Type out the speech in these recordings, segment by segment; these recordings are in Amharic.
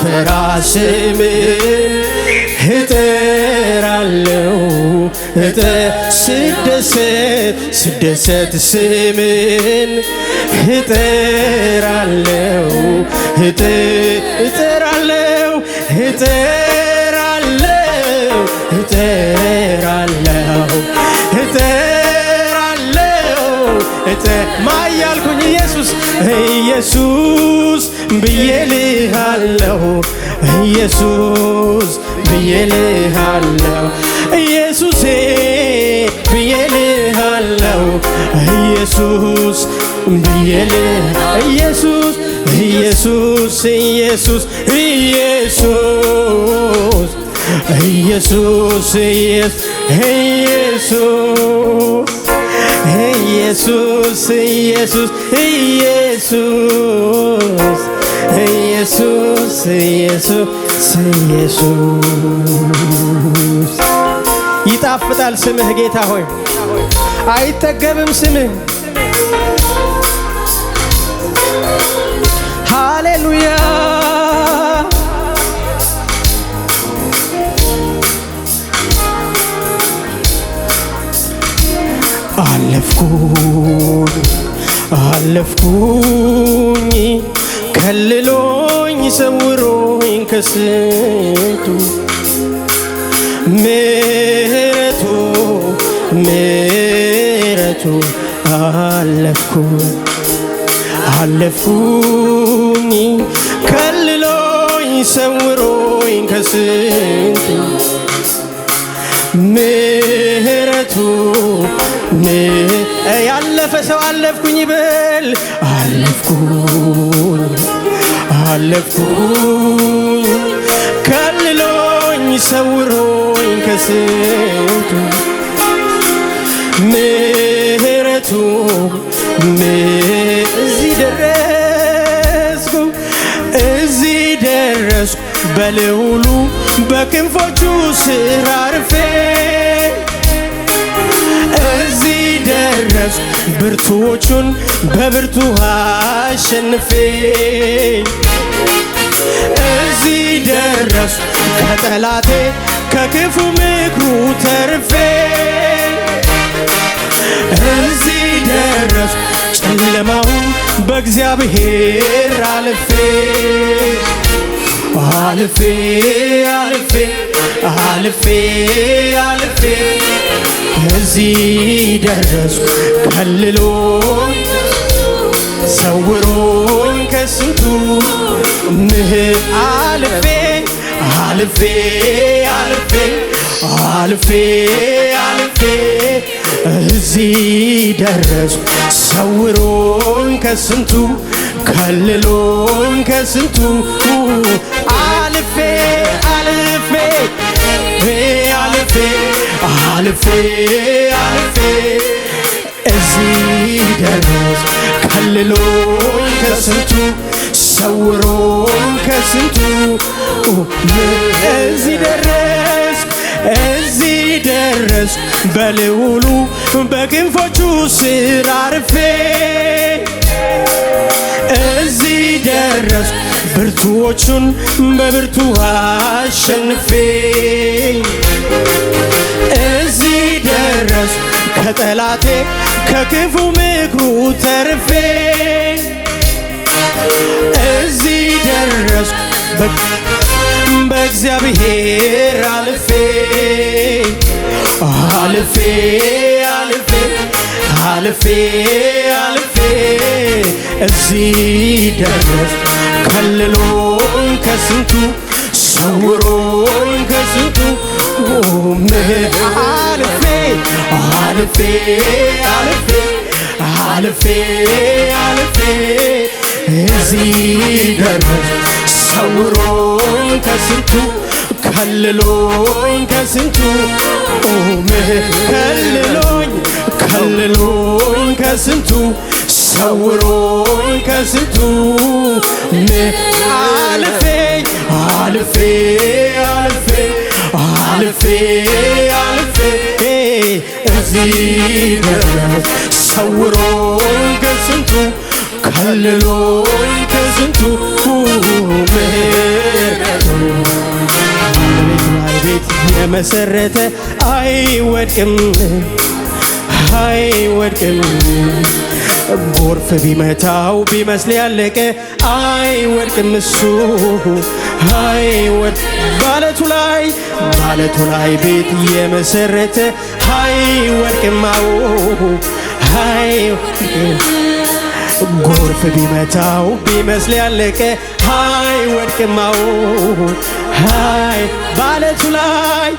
ሳልፈራ ስምህን እጠራለሁ እጠ ስደሰት ስደሰት ስምህን እጠራለሁ እጠ እጠራለሁ እጠራለሁ እጠራለሁ እጠራለሁ እጠ ማያልኩኝ ኢየሱስ ኢየሱስ ብዬ ልሃለሁ ኢየሱስ ብዬ ልሃለሁ ኢየሱሴ ብዬ ልሃለሁ ኢየሱስ ብዬ ኢየሱስ ኢየሱስ ኢየሱስ ኢየሱስ ኢየሱስ ኢየሱስ ኢየሱስ ኢየሱስ ኢየሱስ ኢየሱስ ኢየሱስ ኢየሱስ ይጣፍጣል ስምህ ጌታ ሆይ አይጠገብም ስምህ ሃሌሉያ አለፍኩኝ አለፍኩኝ ከልሎኝ ሰውሮኝ ከስቱ ምሕረቱ ምሕረቱ አለፍኩ አለፍኩኝ ከልሎኝ ሰውሮኝ ከስቱ ምሕረቱ ያለፈ ሰው አለፍኩኝ በል አለፍኩኝ አለፍኩ ከልሎኝ ሰውሮኝ ከስቱ ምህረቱ እዚህ ደረስኩ እዚህ ደረስኩ በልውሉ በክንፎቹ ስር አርፌ እዚህ ደረስኩ ብርቱዎቹን በብርቱ አሸንፌ እዚህ ደረሱ ከጠላቴ ከክፉ ምክሩ ተርፌ እዚህ ደረሱ ጨለማውን በእግዚአብሔር አልፌ አልፌ አልፌ አልፌ አልፌ እዚህ ደረስኩ። ከልሎኝ ሰውሮኝ ከስንቱ ምህ- አልፌ አልፌ አልፌ አልፌ አልፌ እዚህ ደረስኩ። ሰውሮኝ ከስንቱ ከልሎን ከስንቱ አልፌ አልፌ አልፌ አልፌ አልፌ እዚህ ደረስ ከልሎን ከስንቱ ሰውሮን ከስንቱ እዚህ ደረስ እዚህ ደረስ በልውሉ በክንፎቹ ስር አርፌ እዚህ ደረስ ብርቱዎቹን በብርቱ አሸንፌ እዚህ ደረስ ከጠላቴ ከክፉ ምክሩ ተርፌ እዚህ ደረስ በእግዚአብሔር አልፌ አልፌ አልፌ አልፌ እዚህ ደረስ ከልሎን ከስንቱ ሰውሮን ከስንቱ አልፌ አልፌ አልፌ አልፌ አልፌ እዚህ ደረስ ሰውሮን ከስንቱ ከልሎኝ ከስንቱ ኦሜ ከልሎኝ ከልሎኝ ከስንቱ ሰውሮኝ ከስንቱ አልፌ አልፌ አልፌ አልፌ አልፌ እዚህ ደረስ ሰውሮኝ ከስንቱ ከልሎኝ ከስንቱ ምህረቱ ቤት የመሰረተ አይወድቅም አይወድቅም ጎርፍ ቢመታው ቢመስል ያለቀ አይወድቅም እሱ አይወድ ባለቱ ላይ ባለቱ ላይ ቤት የመሰረተ አይወድቅም አዎ ጎርፍ ቢመታው ቢመስል ያለቀ ሀይ ወድቅማው ሀይ ባለቱ ላይ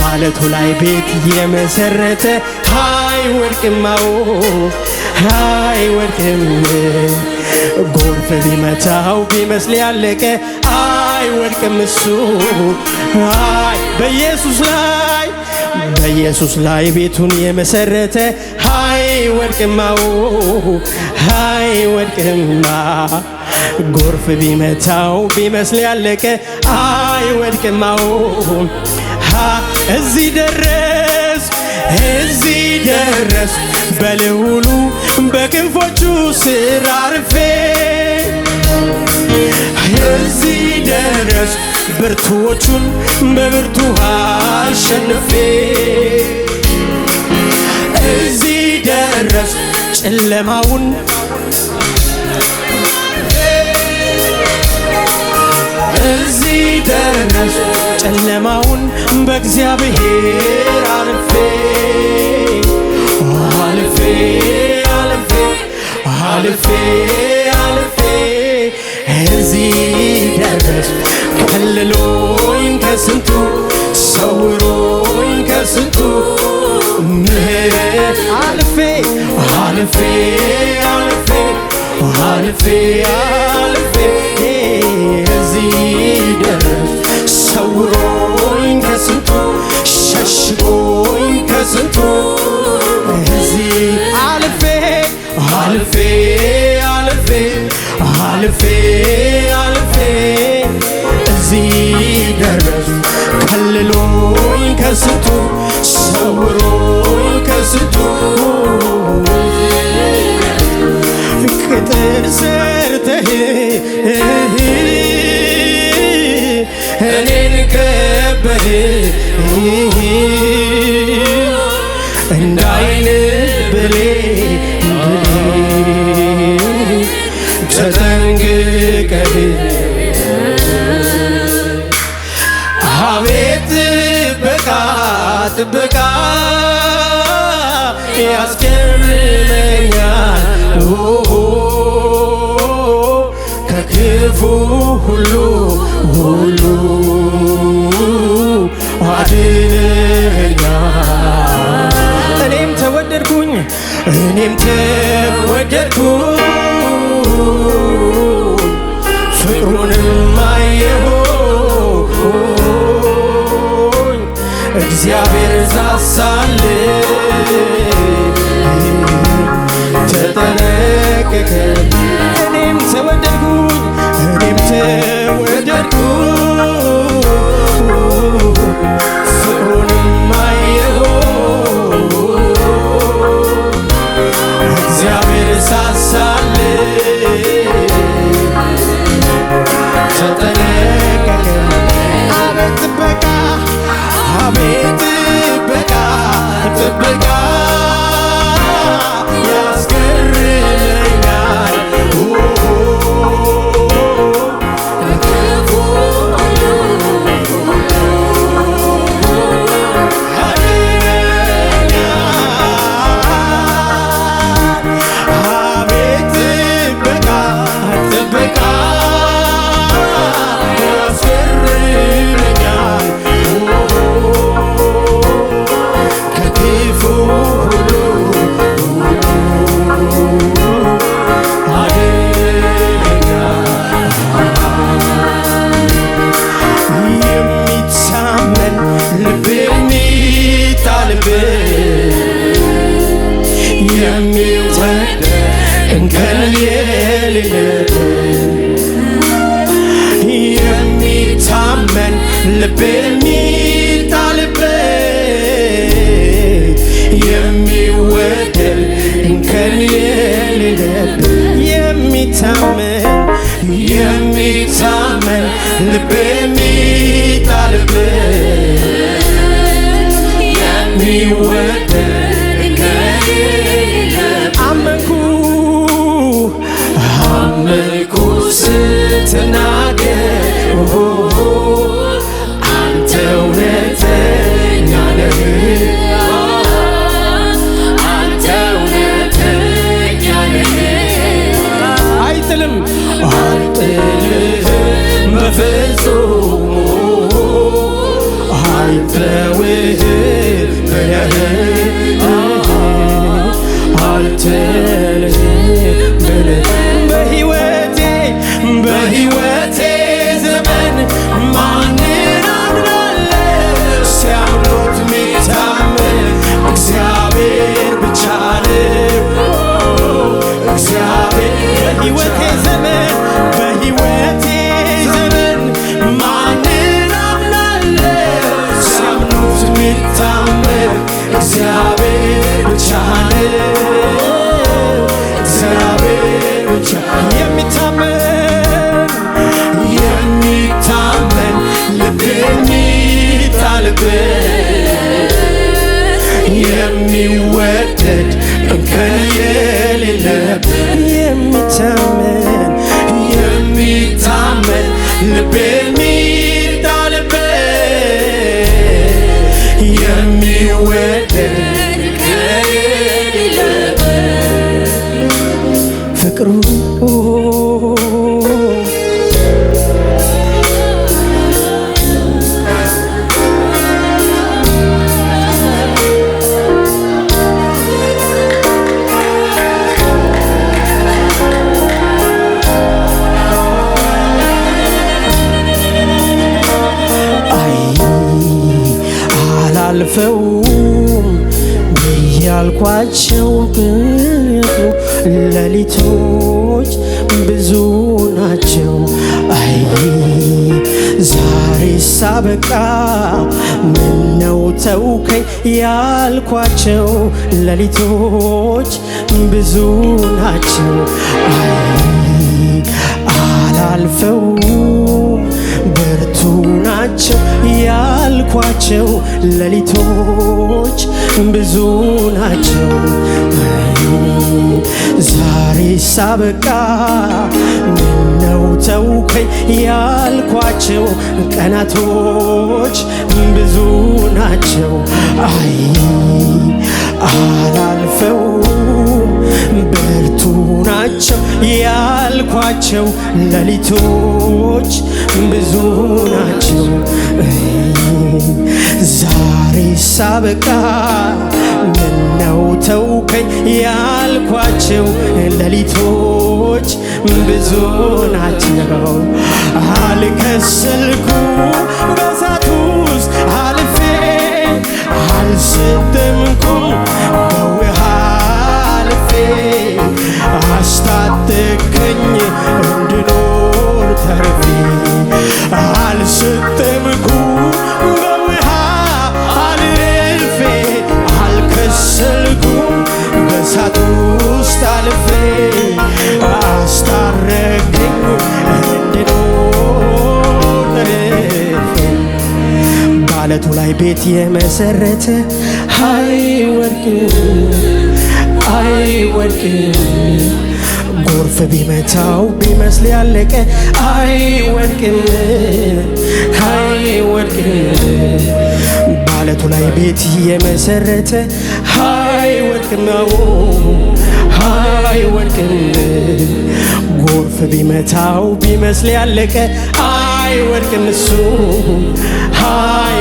ባለቱ ላይ ቤት የመሰረተ ሀይ ወድቅማው ሀይ ወድቅም ጎርፍ ቢመታው ቢመስል ያለቀ አይ ወድቅም እሱ አይ በኢየሱስ ላይ በኢየሱስ ላይ ቤቱን የመሰረተ አይወድቅማ አይወድቅማ ጎርፍ ቢመታው ቢመስል ያለቀ አይወድቅማ እዚህ ደረስ እዚህ ደረስ በልውሉ በክንፎቹ ስር አርፌ እዚህ ደረስ ብርቱዎቹን በብርቱ አሸንፌ ደረስ ጨለማውን እዚህ ደረስ ጨለማውን በእግዚአብሔር አልፌ አልፌ አልፌ አልፌ አልፌ እዚህ ደረስ ከልሎኝ ከስንቱ ሰውሮኝ አልፌ አልፌ አልፌ አልፌ እዚህ ደረስ ሰውሮኝ ከስንቱ ሸሽጎኝ ከስንቱ እዚህ አልፌ አልፌ አልፌ እዚህ ደርስ ከልሎኝ ከስንቱ oh. ጠብቃ ያስገርመኛል ከክፉ ሁሉ ሁሉ አድነኛል። እኔም ተወደድኩኝ እኔም ተወደድኩ Simply የሌለብ የሚታመን የሚታመን ልብ የሚጣልብ አመንኩ አመንኩ ስትና pretend የሚወደድ እንከን የሌለበት የሚታመን የሚታመን ልቤ ዛሬ ሳበቃ ምነው ተውከኝ ያልኳቸው ሌሊቶች ብዙ ናቸው። አላልፈው ናቸው ያልኳቸው ሌሊቶች ብዙ ናቸው። ዛሬ ሳበቃ ምነው ተውከኝ ያልኳቸው ቀናቶች ብዙ ናቸው። አይ አላልፈው በርቱ ናቸው ያልኳቸው ሌሊቶች ብዙ ናቸው። ዛሬ ሳበቃ ምነው ተውከኝ ያልኳቸው ሌሊቶች ብዙ ናቸው። አልከሰልኩ በሳት ውስጥ አልፌ አልሰደምኩም በውሃ አልፌ ልከኝ እንድኖር ተርፌ አልሰጠምኩ በውሃ አልርፌ አልከሰልኩ በሳት ውስጥ አልፌ አስታረከኝ እንድኖር ተርፌ ላይ ቤት የመሰረተ አይወድቅም አይወድቅም ጎርፍ ቢመታው ቢመስል ያለቀ አይ ወድቅም ባለቱ ላይ ቤት የመሰረተ አይ ወድቅም ጎርፍ ቢመታው ቢመስል ያለቀ አይ እሱ አይ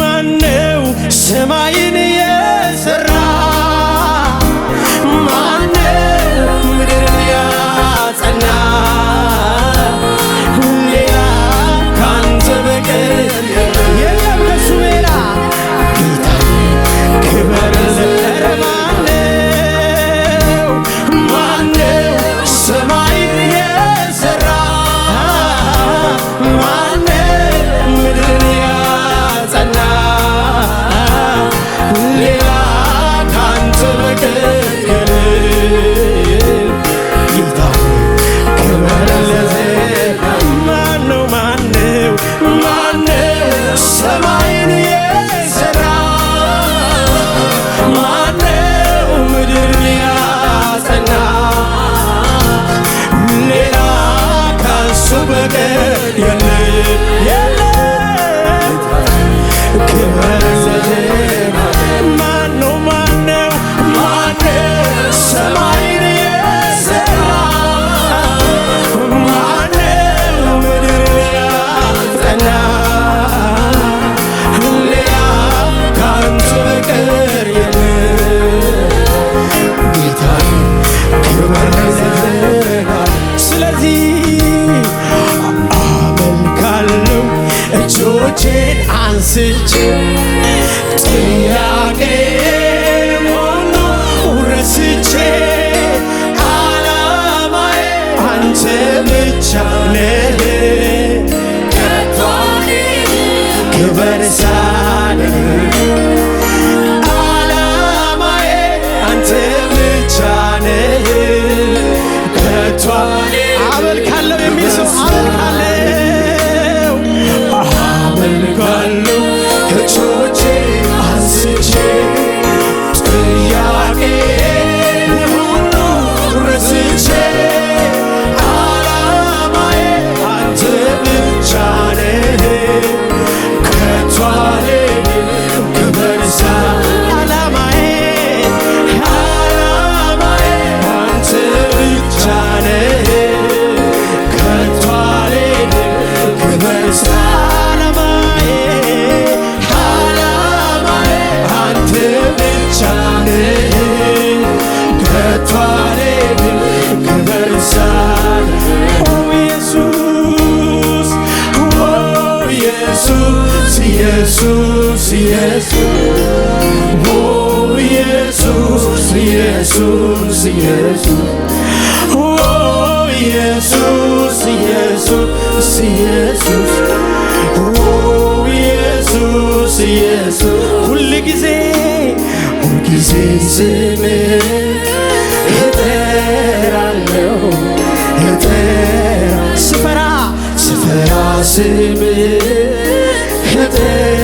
ማነው ሰማይን Jesus, Jesus. Oh, Jesus, Jesus, Jesus. Oh, Jesus, Jesus. se ጊዜ ሁል ጊዜ se fará, se fará se me እጠራ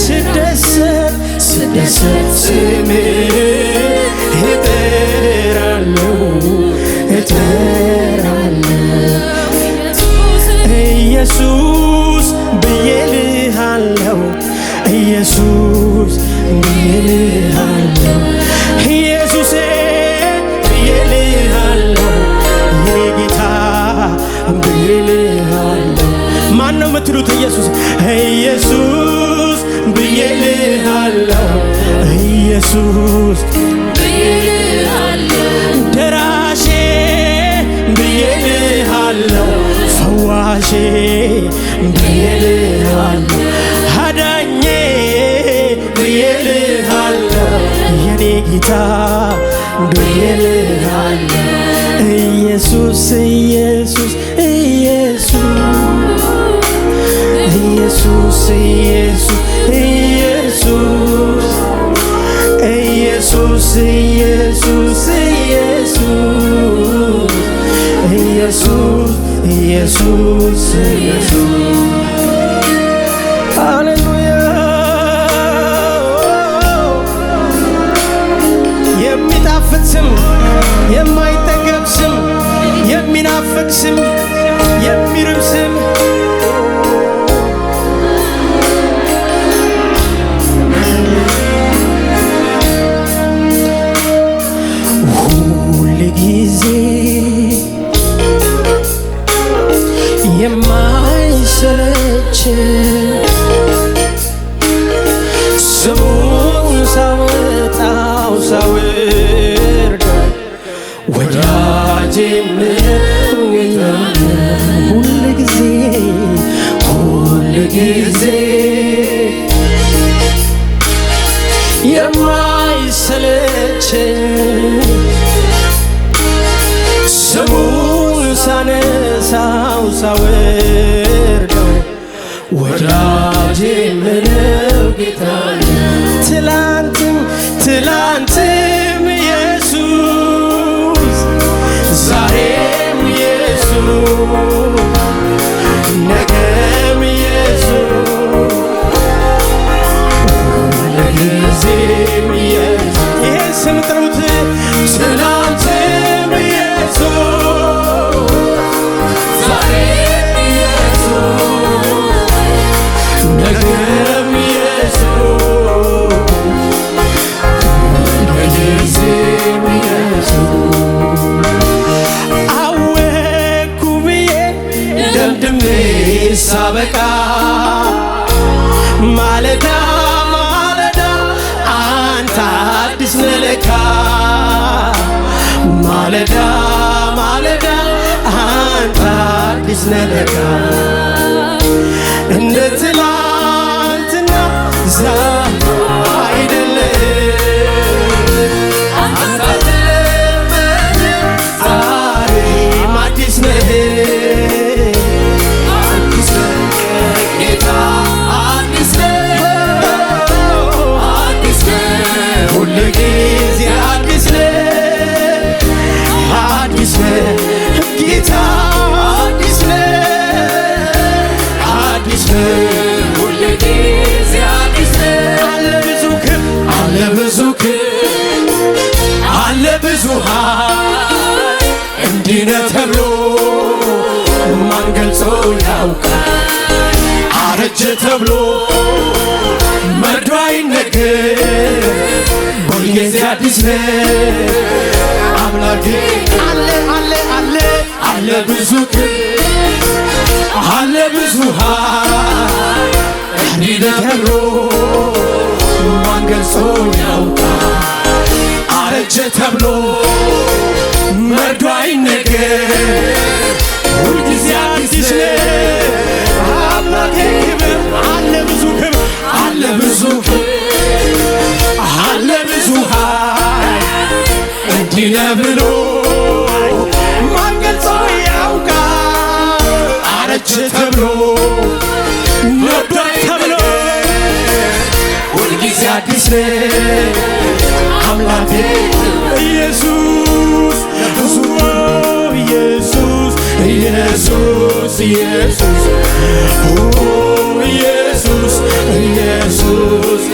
ስደሰት ስደሰት ስም እጠራለሁ እጠራለሁ ኢየሱስ ብዬ ልሃለሁ ኢየሱስ ብዬ ልሃለሁ ኢየሱሴ ብዬ ማን ነው የምትሉት ኢየሱስ ኢየሱስ ኢየሱስ ደራሼ ብዬልሃለው፣ ፈዋሼ ብዬልሃለው፣ አዳኜ ብዬልሃለው፣ የኔ ጌታ ብዬልሃለው። ኢየሱስ ኢየሱስ ኢየሱስ ኢየሱስ ኢየሱስ ኢየሱስ ኢየሱስ ኢየሱስ ኢየሱስ ኢየሱስ ኢየሱስ ስም የማይጠገብ ስም የሚናፍቅ ስም የሚርብ ስም ስሙን ሳወጣው ሳወርድ ወዳጄ ሁል ጊዜ ሁል ጊዜ Chao. ፊት አምላኬ አለ አለ አለ አለ ብዙ አለ ብዙ እኔ ነብሮ ማን ገልጾ ያውቃል አረጀ ተብሎ መርዶ አይነገር ሁልጊዜ አዲስ እንዲህ ነህ ብሎ ማን ገልጾ ያውቃል? አረች ተብሎ ነበር ተብሎ ሁልጊዜ አዲስ ነህ አምላኬ ኢየሱስ ኢየሱስ ኢየሱስ ኢየሱስ ኢየሱስ ኢየሱስ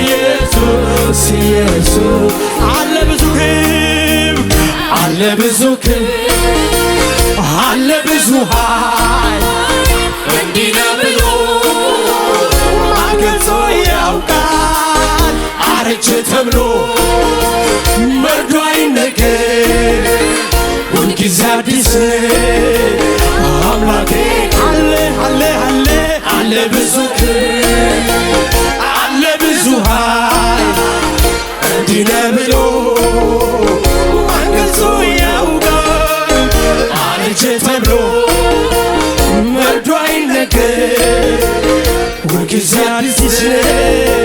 ኢየሱስ ኢየሱስ አለ ብዙ ክብ አለ ብዙ ክብ አለ ብዙ ኃይል እንዲህ ብሎ አገልጾ ያውቃል አረጀ ተብሎ መርዶ አይነገር ሁልጊዜ አዲስ አምላኬ አለ አለ አለ አለ ብዙ ክብ ብዙ ኃይል እንዲህ ነህ ብሎ ማን ገልጾ ያውቃል? ተብሎ መርዶ አይነገር ሁልጊዜ አዲስ ነህ